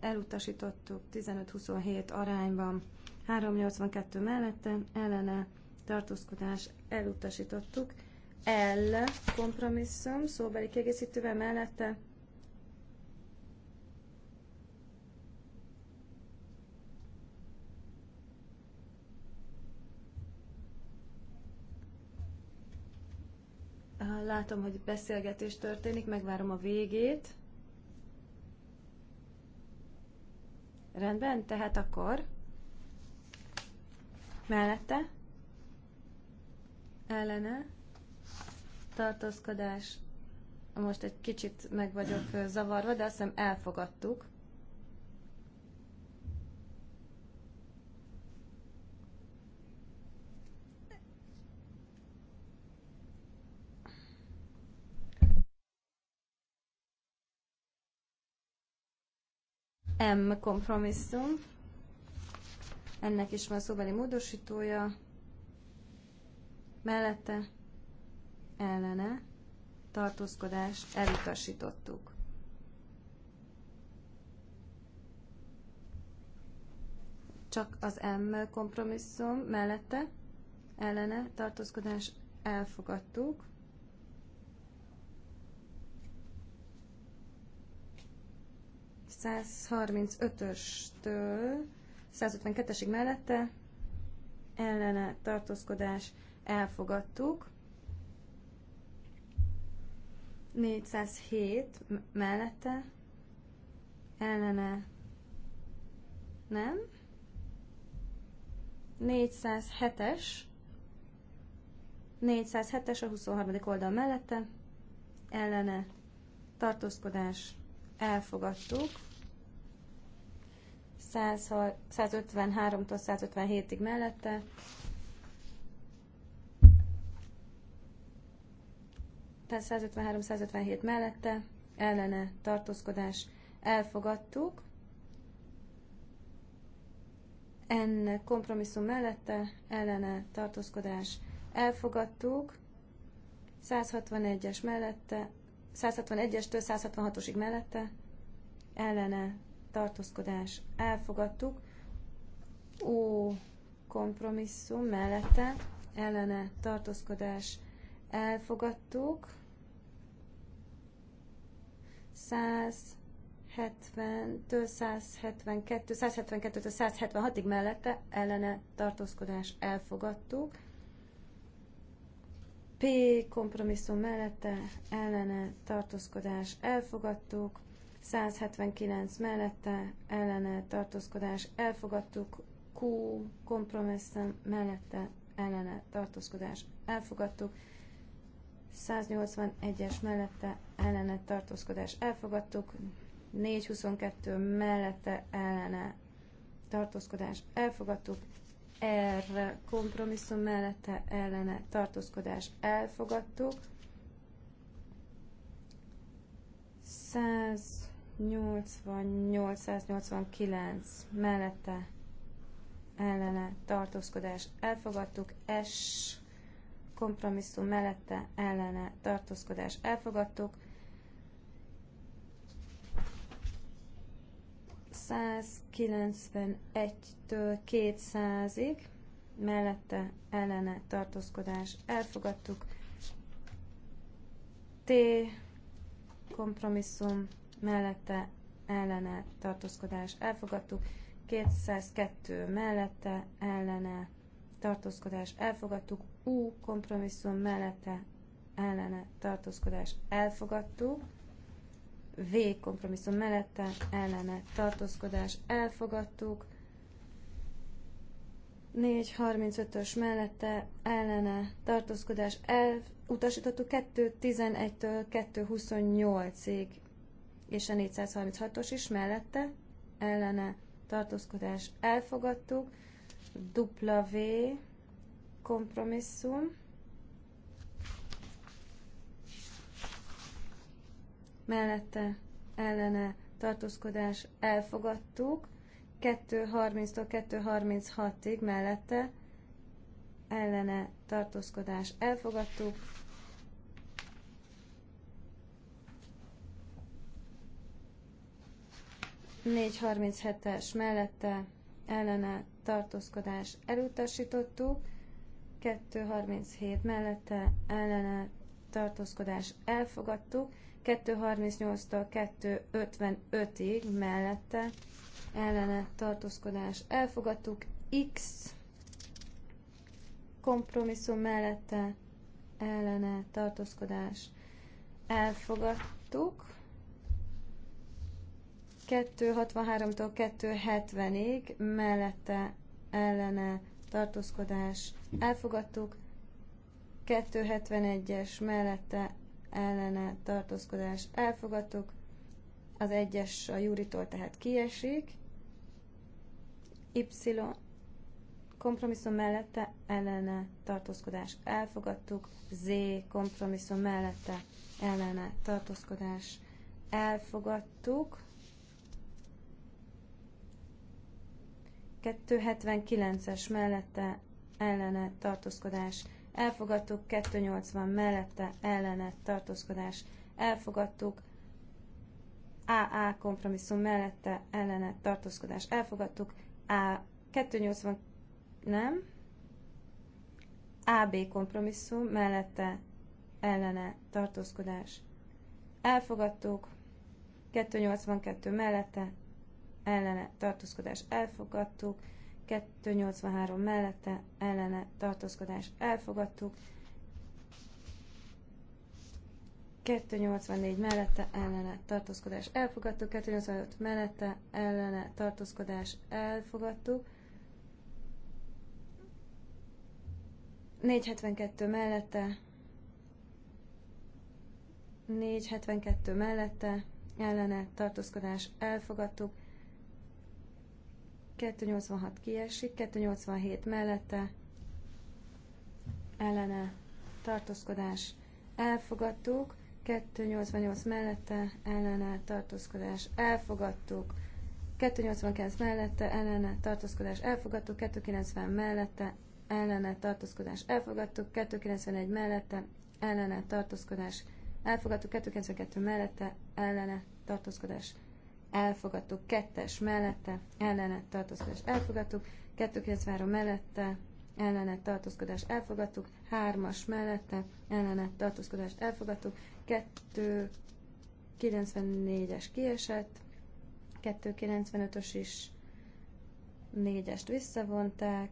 Elutasítottuk 15-27 arányban. 382 mellette, ellene tartózkodás elutasítottuk. L kompromisszum szóbeli kiegészítővel mellette Látom, hogy beszélgetés történik, megvárom a végét. Rendben, tehát akkor mellette ellene tartózkodás. Most egy kicsit meg vagyok zavarva, de azt hiszem elfogadtuk. M kompromisszum. Ennek is van szóbeli módosítója. Mellette ellene tartózkodást elutasítottuk. Csak az M kompromisszum mellette ellene tartózkodást elfogadtuk. 135-östől 152-esig mellette ellene tartózkodás elfogadtuk. 407 mellette ellene nem. 407-es 407-es a 23. oldal mellette ellene tartózkodás elfogadtuk. 153-tól 157-ig mellette. Tehát 153-157 mellette, ellene tartózkodás elfogadtuk. Ennek kompromisszum mellette, ellene tartózkodás elfogadtuk. 161-es mellette, 161-estől 166-osig mellette, ellene tartózkodás elfogadtuk. Ó kompromisszum mellette ellene tartózkodás elfogadtuk. 170-től 172, 172-től 176-ig mellette ellene tartózkodás elfogadtuk. P kompromisszum mellette ellene tartózkodás elfogadtuk. 179 mellette ellene tartózkodás elfogadtuk, Q kompromisszum mellette ellene tartózkodás elfogadtuk, 181-es mellette ellene tartózkodás elfogadtuk, 422 mellette ellene tartózkodás elfogadtuk, R kompromisszum mellette ellene tartózkodás elfogadtuk, 100 88-189 mellette ellene tartózkodás elfogadtuk, S kompromisszum mellette ellene tartózkodás elfogadtuk, 191-től 200-ig mellette ellene tartózkodás elfogadtuk, T kompromisszum mellette ellene tartózkodás elfogadtuk, 202 mellette ellene tartózkodás elfogadtuk, U kompromisszum mellette ellene tartózkodás elfogadtuk, V kompromisszum mellette ellene tartózkodás elfogadtuk, 4.35-ös mellette ellene tartózkodás elutasítottuk 2.11-től 2.28-ig és a 436-os is mellette ellene tartózkodás elfogadtuk, W kompromisszum, mellette ellene tartózkodás elfogadtuk, 2.30-tól 2.36-ig mellette ellene tartózkodás elfogadtuk, 437-es mellette ellene tartózkodás elutasítottuk, 237 mellette ellene tartózkodás elfogadtuk, 238-tól 255-ig mellette ellene tartózkodás elfogadtuk, X kompromisszum mellette ellene tartózkodás elfogadtuk, 263-tól 270-ig mellette ellene tartózkodás elfogadtuk, 271-es mellette ellene tartózkodás elfogadtuk, az egyes a Júritól tehát kiesik, Y kompromisszum mellette ellene tartózkodás elfogadtuk, Z kompromisszum mellette ellene tartózkodás elfogadtuk, 279-es mellette ellene tartózkodás elfogadtuk, 280 mellette ellene tartózkodás elfogadtuk, AA kompromisszum mellette ellene tartózkodás elfogadtuk, A 280 nem, AB kompromisszum mellette ellene tartózkodás elfogadtuk, 282 mellette ellene tartózkodás elfogadtuk, 283 mellette ellene tartózkodás elfogadtuk, 284 mellette ellene tartózkodás elfogadtuk, 285 mellette ellene tartózkodás elfogadtuk, 472 mellette 472 mellette ellene tartózkodás elfogadtuk, 286 kiesik, 287 mellette ellene tartózkodás elfogadtuk, 288 mellette ellene tartózkodás elfogadtuk, 289 mellette ellene tartózkodás elfogadtuk, 290 mellette ellene tartózkodás elfogadtuk, 291 mellette ellene tartózkodás elfogadtuk, 292 mellette ellene tartózkodás elfogadtuk, kettes mellette, ellenet tartózkodás elfogadtuk, 293 mellette, ellenet tartózkodás elfogadtuk, hármas mellette, ellenet tartózkodást elfogadtuk, 294-es kiesett, 295-ös is, 4-est visszavonták,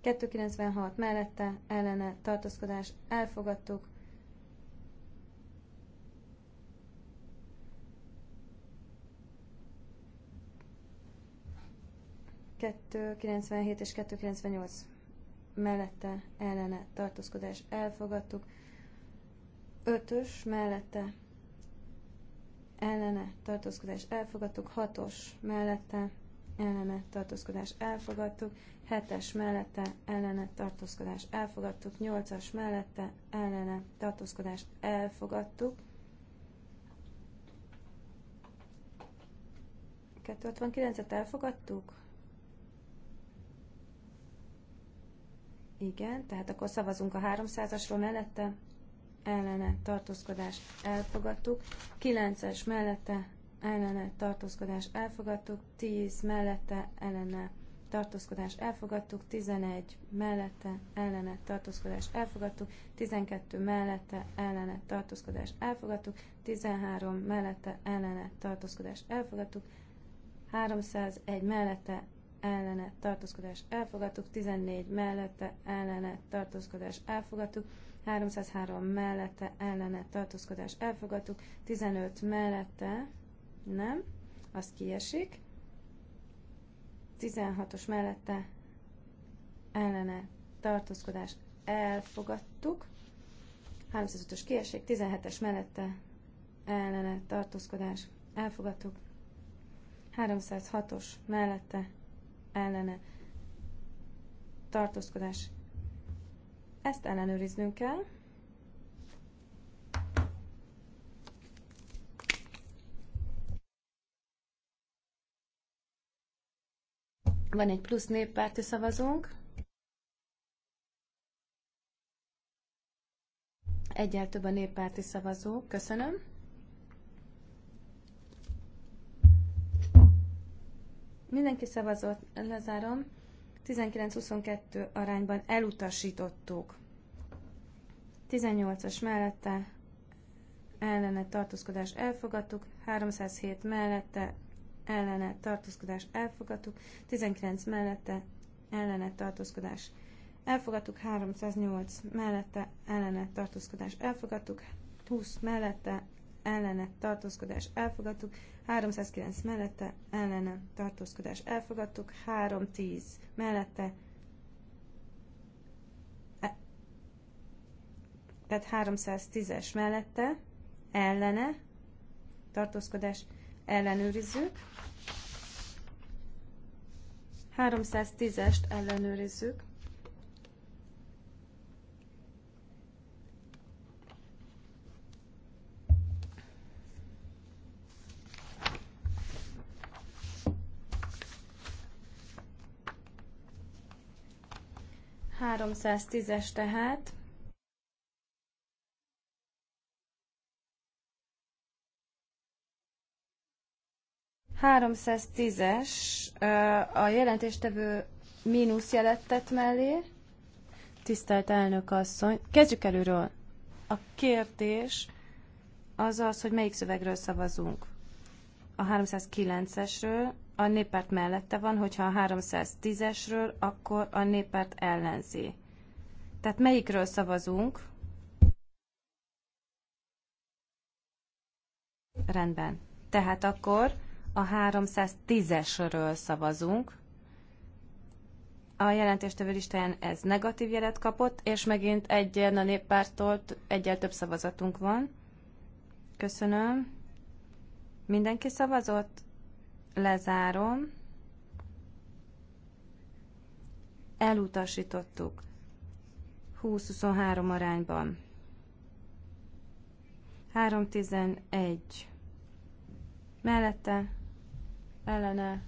296 mellette, ellene tartózkodás elfogadtuk, 297 és 298 mellette ellene tartózkodás elfogadtuk. 5-ös mellette ellene tartózkodás elfogadtuk. 6-os mellette ellene tartózkodás elfogadtuk. 7-es mellette ellene tartózkodás elfogadtuk. 8-as mellette ellene tartózkodás elfogadtuk. 259-et elfogadtuk? Igen, tehát akkor szavazunk a 300-asról mellette, ellene tartózkodás elfogadtuk, 9-es mellette ellene tartózkodás elfogadtuk, 10 mellette ellene tartózkodás elfogadtuk, 11 mellette ellene tartózkodás elfogadtuk, 12 mellette ellene tartózkodás elfogadtuk, 13 mellette ellene tartózkodás elfogadtuk, 301 mellette ellene tartózkodás elfogadtuk, 14 mellette ellene tartózkodás elfogadtuk, 303 mellette ellene tartózkodás elfogadtuk, 15 mellette nem, az kiesik, 16-os mellette ellene tartózkodás elfogadtuk, 305-ös kiesik, 17-es mellette ellene tartózkodás elfogadtuk, 306-os mellette ellene tartózkodás. Ezt ellenőriznünk kell. Van egy plusz néppárti szavazónk. Egyel több a néppárti szavazó. Köszönöm. Mindenki szavazott, lezárom. 19-22 arányban elutasítottuk. 18-as mellette ellene tartózkodás elfogadtuk, 307 mellette ellene tartózkodás elfogadtuk, 19 mellette ellene tartózkodás elfogadtuk, 308 mellette ellene tartózkodás elfogadtuk, 20 mellette ellene tartózkodás elfogadtuk, 309 mellette ellene tartózkodás elfogadtuk, 310 mellette e- tehát 310-es mellette ellene tartózkodás ellenőrizzük. 310-est ellenőrizzük. 310-es tehát. Háromszáztízes a jelentéstevő mínusz jelettet mellé. Tisztelt elnök asszony, kezdjük előről. A kérdés az az, hogy melyik szövegről szavazunk. A 309-esről, a néppárt mellette van, hogyha a 310-esről, akkor a néppárt ellenzi. Tehát melyikről szavazunk? Rendben. Tehát akkor a 310-esről szavazunk. A jelentéstevő listáján ez negatív jelet kapott, és megint egyen a néppártól egyel több szavazatunk van. Köszönöm. Mindenki szavazott? Lezárom. Elutasítottuk. 20-23 arányban. 311. Mellette, ellene,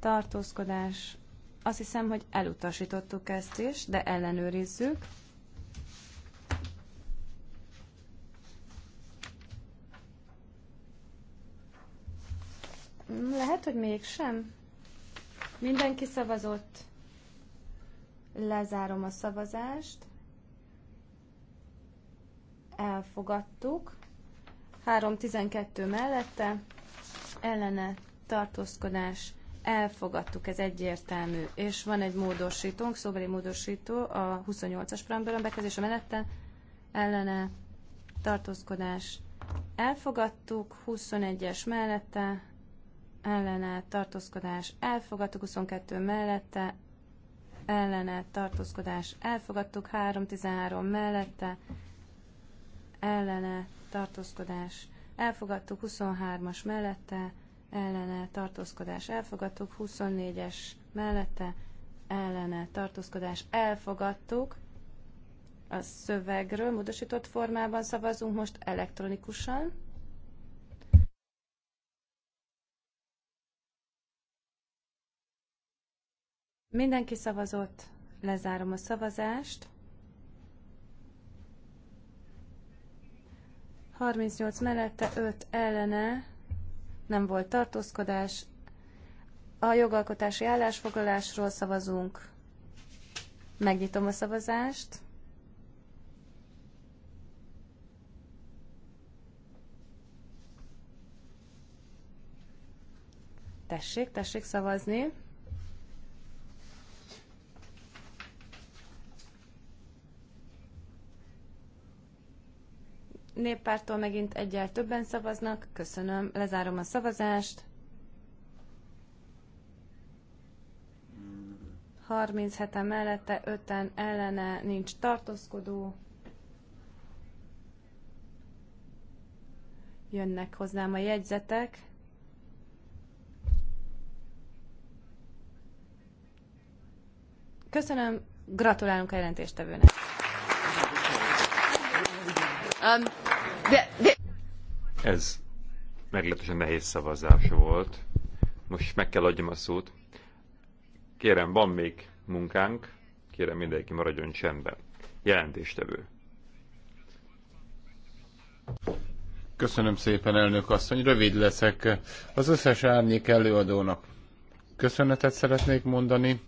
tartózkodás. Azt hiszem, hogy elutasítottuk ezt is, de ellenőrizzük. Lehet, hogy mégsem. Mindenki szavazott. Lezárom a szavazást. Elfogadtuk. 3.12 mellette. Ellene tartózkodás. Elfogadtuk, ez egyértelmű. És van egy módosítónk, szóbeli módosító a 28-as bekezdés a mellette. Ellene tartózkodás. Elfogadtuk, 21-es mellette ellene tartózkodás elfogadtuk, 22 mellette ellene tartózkodás elfogadtuk, 313 mellette ellene tartózkodás elfogadtuk, 23-as mellette ellene tartózkodás elfogadtuk, 24-es mellette ellene tartózkodás elfogadtuk. A szövegről módosított formában szavazunk most elektronikusan. Mindenki szavazott, lezárom a szavazást. 38 mellette, 5 ellene, nem volt tartózkodás. A jogalkotási állásfoglalásról szavazunk. Megnyitom a szavazást. Tessék, tessék szavazni. néppártól megint egyel többen szavaznak. Köszönöm, lezárom a szavazást. 37-en mellette, 5-en ellene, nincs tartózkodó. Jönnek hozzám a jegyzetek. Köszönöm, gratulálunk a jelentéstevőnek. Um, de, de... Ez meglehetősen nehéz szavazás volt. Most meg kell adjam a szót. Kérem, van még munkánk. Kérem, mindenki maradjon csendben. Jelentéstevő. Köszönöm szépen, elnök asszony. Rövid leszek. Az összes árnyék előadónak köszönetet szeretnék mondani.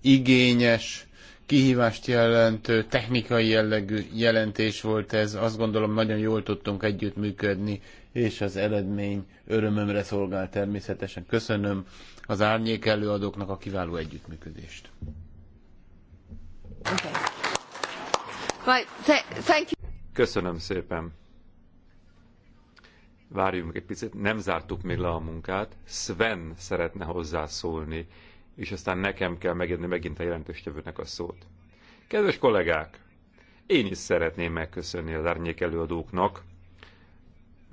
Igényes, kihívást jelentő, technikai jellegű jelentés volt ez. Azt gondolom, nagyon jól tudtunk együttműködni, és az eredmény örömömre szolgál természetesen. Köszönöm az árnyék előadóknak a kiváló együttműködést. Köszönöm szépen. Várjunk egy picit, nem zártuk még le a munkát. Sven szeretne hozzászólni és aztán nekem kell megérni megint a jelentős tevőnek a szót. Kedves kollégák, én is szeretném megköszönni az árnyék előadóknak,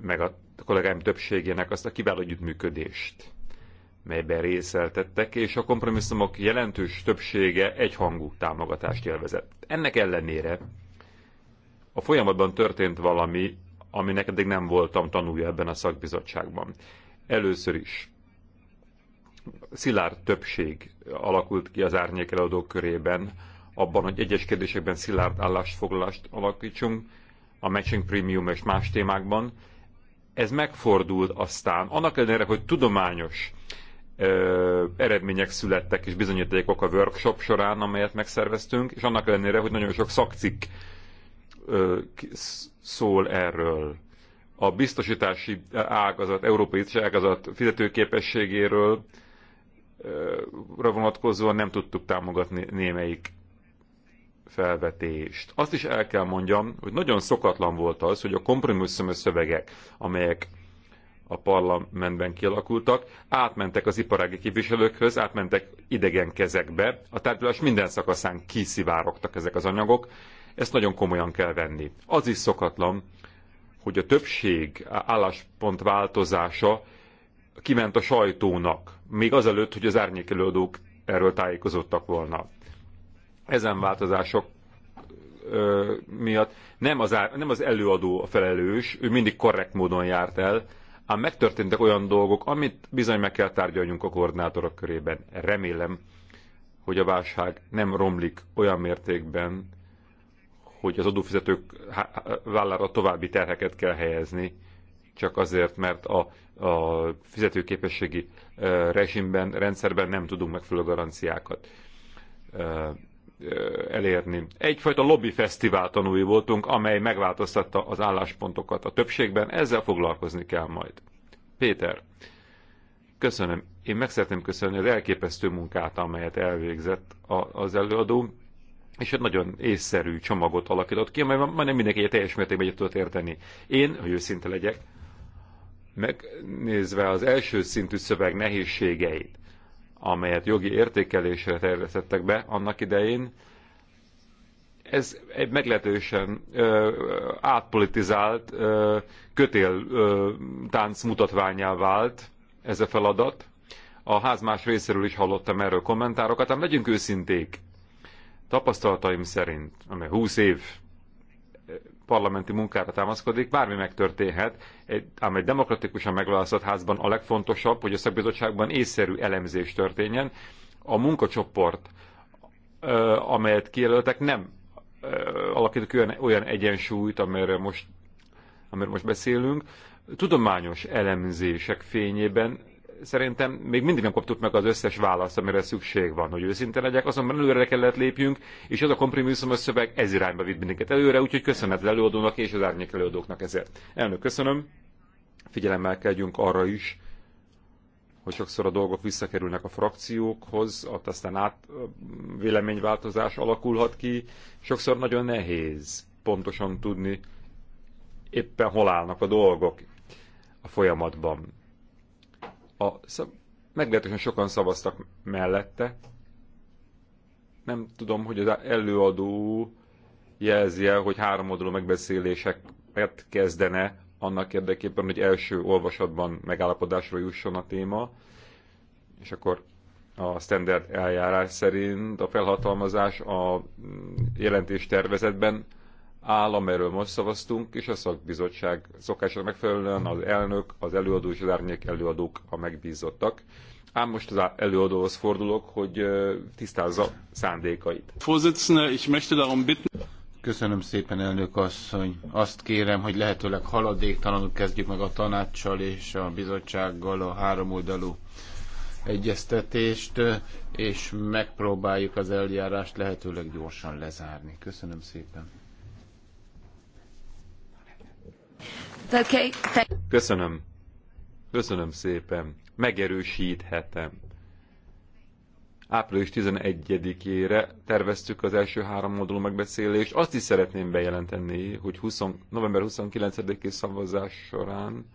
meg a kollégáim többségének azt a kiváló együttműködést, melyben részeltettek, és a kompromisszumok jelentős többsége egyhangú támogatást élvezett. Ennek ellenére a folyamatban történt valami, aminek eddig nem voltam tanulja ebben a szakbizottságban. Először is szilárd többség alakult ki az árnyék eladók körében, abban, hogy egyes kérdésekben szilárd állásfoglalást alakítsunk, a matching premium és más témákban. Ez megfordult aztán, annak ellenére, hogy tudományos ö, eredmények születtek és bizonyítékok a workshop során, amelyet megszerveztünk, és annak ellenére, hogy nagyon sok szakcikk ö, szól erről. A biztosítási ágazat, európai ágazat fizetőképességéről, vonatkozóan nem tudtuk támogatni némelyik felvetést. Azt is el kell mondjam, hogy nagyon szokatlan volt az, hogy a kompromisszumos szövegek, amelyek a parlamentben kialakultak, átmentek az iparági képviselőkhöz, átmentek idegen kezekbe. A tárgyalás minden szakaszán kiszivárogtak ezek az anyagok. Ezt nagyon komolyan kell venni. Az is szokatlan, hogy a többség álláspont változása kiment a sajtónak, még azelőtt, hogy az árnyékelődők erről tájékozottak volna. Ezen változások ö, miatt nem az, ár, nem az előadó a felelős, ő mindig korrekt módon járt el, ám megtörténtek olyan dolgok, amit bizony meg kell tárgyaljunk a koordinátorok körében. Remélem, hogy a válság nem romlik olyan mértékben, hogy az adófizetők vállára további terheket kell helyezni, csak azért, mert a a fizetőképességi rezsimben, rendszerben nem tudunk megfelelő garanciákat elérni. Egyfajta lobbyfesztivál tanúi voltunk, amely megváltoztatta az álláspontokat a többségben, ezzel foglalkozni kell majd. Péter, köszönöm. Én meg szeretném köszönni az elképesztő munkát, amelyet elvégzett az előadó, és egy nagyon észszerű csomagot alakított ki, amely majdnem mindenki egy teljes mértékben egyet tudott érteni. Én, hogy őszinte legyek, megnézve az első szintű szöveg nehézségeit, amelyet jogi értékelésre tervezettek be annak idején, ez egy meglehetősen ö, átpolitizált ö, kötél ö, tánc mutatványá vált ez a feladat. A ház más részéről is hallottam erről kommentárokat, ám legyünk őszinték. Tapasztalataim szerint, amely 20 év parlamenti munkára támaszkodik, bármi megtörténhet, egy, ám egy demokratikusan megválasztott házban a legfontosabb, hogy a szakbizottságban észszerű elemzés történjen. A munkacsoport, amelyet kijelöltek, nem alakítok olyan, olyan egyensúlyt, amiről most, amiről most beszélünk. Tudományos elemzések fényében szerintem még mindig nem kaptuk meg az összes választ, amire szükség van, hogy őszinte legyek, azonban előre kellett lépjünk, és az a kompromisszumos szöveg ez irányba vitt minket előre, úgyhogy köszönet az előadónak és az árnyék előadóknak ezért. Elnök, köszönöm. Figyelemmel kelljünk arra is, hogy sokszor a dolgok visszakerülnek a frakciókhoz, ott aztán át véleményváltozás alakulhat ki. Sokszor nagyon nehéz pontosan tudni, éppen hol állnak a dolgok a folyamatban a, meglehetősen sokan szavaztak mellette. Nem tudom, hogy az előadó jelzi el, hogy háromoldalú megbeszéléseket kezdene annak érdekében, hogy első olvasatban megállapodásra jusson a téma, és akkor a standard eljárás szerint a felhatalmazás a mm, jelentés tervezetben áll, amelyről most szavaztunk, és a szakbizottság szokásának megfelelően az elnök, az előadó és az árnyék előadók a megbízottak. Ám most az előadóhoz fordulok, hogy tisztázza szándékait. Köszönöm szépen, elnök asszony. Azt kérem, hogy lehetőleg haladéktalanul kezdjük meg a tanácssal és a bizottsággal a háromoldalú egyeztetést, és megpróbáljuk az eljárást lehetőleg gyorsan lezárni. Köszönöm szépen. Köszönöm. Köszönöm szépen. Megerősíthetem. Április 11-ére terveztük az első három oldalú megbeszélést. Azt is szeretném bejelenteni, hogy 20, november 29-i szavazás során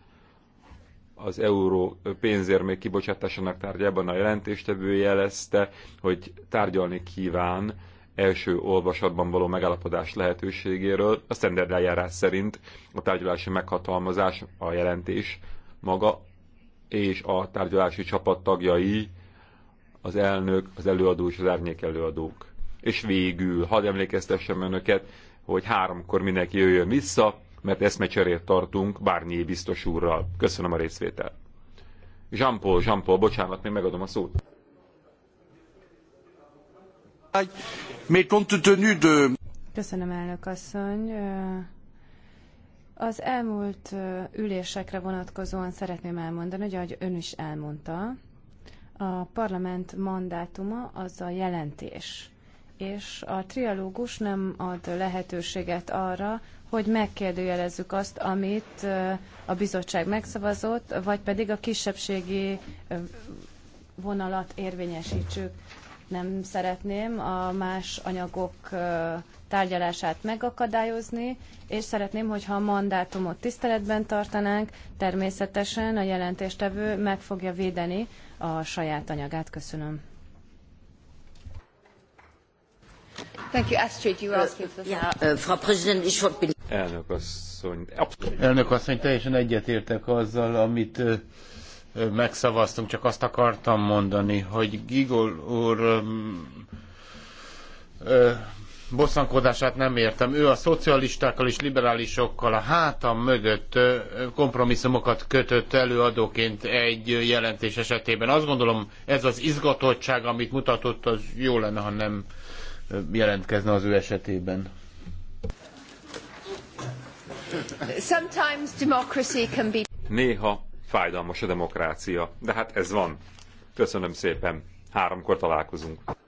az euró pénzérmék kibocsátásának tárgyában a jelentéstevő jelezte, hogy tárgyalni kíván első olvasatban való megállapodás lehetőségéről. A standard eljárás szerint a tárgyalási meghatalmazás, a jelentés maga és a tárgyalási csapat tagjai, az elnök, az előadó és az árnyék előadók. És végül, hadd emlékeztessem önöket, hogy háromkor mindenki jöjjön vissza, mert eszmecserét tartunk Bárnyi biztos úrral. Köszönöm a részvételt. Jean-Paul, Jean-Paul, bocsánat, még megadom a szót mais compte tenu de... Köszönöm, elnök asszony. Az elmúlt ülésekre vonatkozóan szeretném elmondani, hogy ahogy ön is elmondta, a parlament mandátuma az a jelentés, és a trialógus nem ad lehetőséget arra, hogy megkérdőjelezzük azt, amit a bizottság megszavazott, vagy pedig a kisebbségi vonalat érvényesítsük nem szeretném a más anyagok tárgyalását megakadályozni, és szeretném, hogyha a mandátumot tiszteletben tartanánk, természetesen a jelentéstevő meg fogja védeni a saját anyagát. Köszönöm. Thank you, Astrid. You asking for yeah, uh, Frau Präsident, ich bin... Elnök asszony, Elnök asszony, teljesen egyetértek azzal, amit megszavaztunk, csak azt akartam mondani, hogy Gigol úr ö, ö, bosszankodását nem értem. Ő a szocialistákkal és liberálisokkal a hátam mögött kompromisszumokat kötött előadóként egy jelentés esetében. Azt gondolom, ez az izgatottság, amit mutatott, az jó lenne, ha nem jelentkezne az ő esetében. Sometimes democracy can be... Néha fájdalmas a demokrácia. De hát ez van. Köszönöm szépen. Háromkor találkozunk.